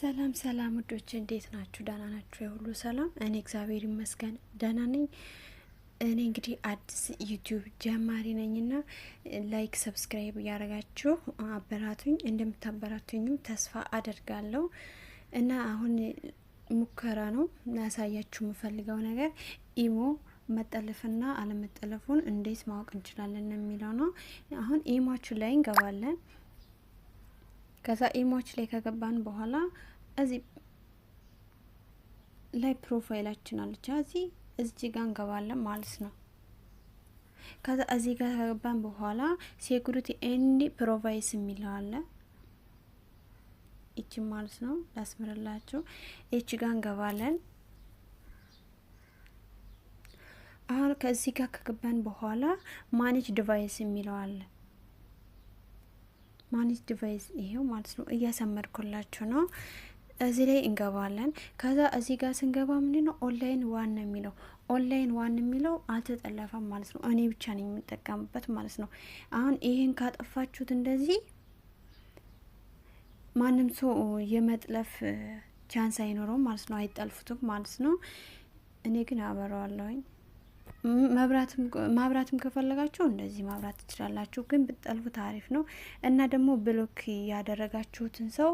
ሰላም ሰላም ውዶች እንዴት ናችሁ? ደህና ናችሁ? የሁሉ ሰላም እኔ እግዚአብሔር ይመስገን ደህና ነኝ። እኔ እንግዲህ አዲስ ዩቲዩብ ጀማሪ ነኝና ላይክ ሰብስክራይብ እያደረጋችሁ አበራቱኝ። እንደምታበራቱኙ ተስፋ አደርጋለሁ እና አሁን ሙከራ ነው ያሳያችሁ የምፈልገው ነገር ኢሞ መጠለፍና አለመጠለፉን እንዴት ማወቅ እንችላለን የሚለው ነው። አሁን ኢሞችሁ ላይ እንገባለን። ከዛ ኢሞች ላይ ከገባን በኋላ እዚህ ላይ ፕሮፋይላችን አለች። እዚህ እዚህ ጋር እንገባለን ማለት ነው። ከዛ እዚህ ጋር ከገባን በኋላ ሴኩሪቲ ኤንድ ፕሮቫይስ የሚለው አለ። ይቺ ማለት ነው ላስምርላችሁ። ይቺ ጋር እንገባለን። አሁን ከዚህ ጋር ከገባን በኋላ ማኔጅ ዲቫይስ የሚለው አለ። ማኔጅ ዲቫይስ ይሄው ማለት ነው እያሰመርኩላችሁ ነው። እዚህ ላይ እንገባለን። ከዛ እዚህ ጋር ስንገባ ምንድ ነው ኦንላይን ዋን የሚለው ኦንላይን ዋን የሚለው አልተጠለፈም ማለት ነው። እኔ ብቻ ነው የምጠቀምበት ማለት ነው። አሁን ይህን ካጠፋችሁት እንደዚህ ማንም ሰው የመጥለፍ ቻንስ አይኖረውም ማለት ነው። አይጠልፉትም ማለት ነው። እኔ ግን አበረዋለሁኝ። ማብራትም ከፈለጋችሁ እንደዚህ ማብራት ትችላላችሁ፣ ግን ብትጠልፉት አሪፍ ነው እና ደግሞ ብሎክ ያደረጋችሁትን ሰው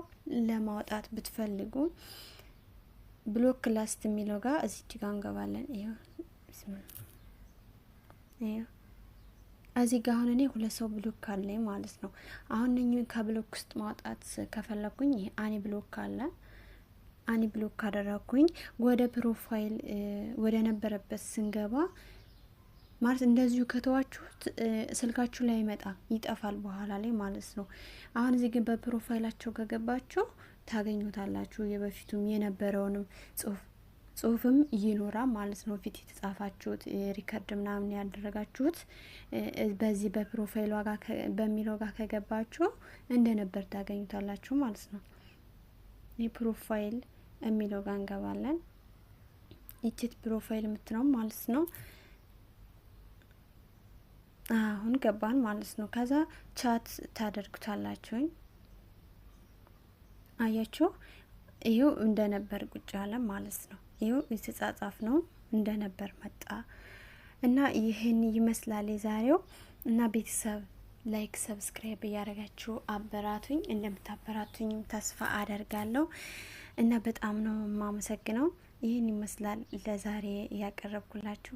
ለማውጣት ብትፈልጉ ብሎክ ላስት የሚለው ጋር እዚህ ጋ እንገባለን። እዚህ ጋ አሁን እኔ ሁለት ሰው ብሎክ አለኝ ማለት ነው። አሁን ከብሎክ ውስጥ ማውጣት ከፈለግኩኝ ይሄ አኔ ብሎክ አለ አኒ ብሎክ ካደረኩኝ ወደ ፕሮፋይል ወደ ነበረበት ስንገባ ማለት እንደዚሁ ከተዋችሁት ስልካችሁ ላይ ይመጣ ይጠፋል በኋላ ላይ ማለት ነው። አሁን እዚህ ግን በፕሮፋይላቸው ከገባችሁ ታገኙታላችሁ። የበፊቱም የነበረውንም ጽሁፍ ጽሁፍም ይኖራ ማለት ነው። ፊት የተጻፋችሁት ሪከርድ ምናምን ያደረጋችሁት በዚህ በፕሮፋይል ዋጋ በሚለው ጋር ከገባችሁ እንደነበር ታገኙታላችሁ ማለት ነው። የፕሮፋይል የሚለው ጋር እንገባለን። ይችት ፕሮፋይል የምትለው ማለት ነው። አሁን ገባን ማለት ነው። ከዛ ቻት ታደርጉታላችሁኝ። አያችሁ ይኸው እንደነበር ቁጭ አለ ማለት ነው። ይኸው የተጻጻፍ ነው እንደነበር መጣ እና ይህን ይመስላል የዛሬው እና ቤተሰብ ላይክ ሰብስክራይብ እያደረጋችሁ አበራቱኝ። እንደምታበራቱኝም ተስፋ አደርጋለሁ። እና በጣም ነው የማመሰግነው። ይህን ይመስላል ለዛሬ ያቀረብኩላችሁ።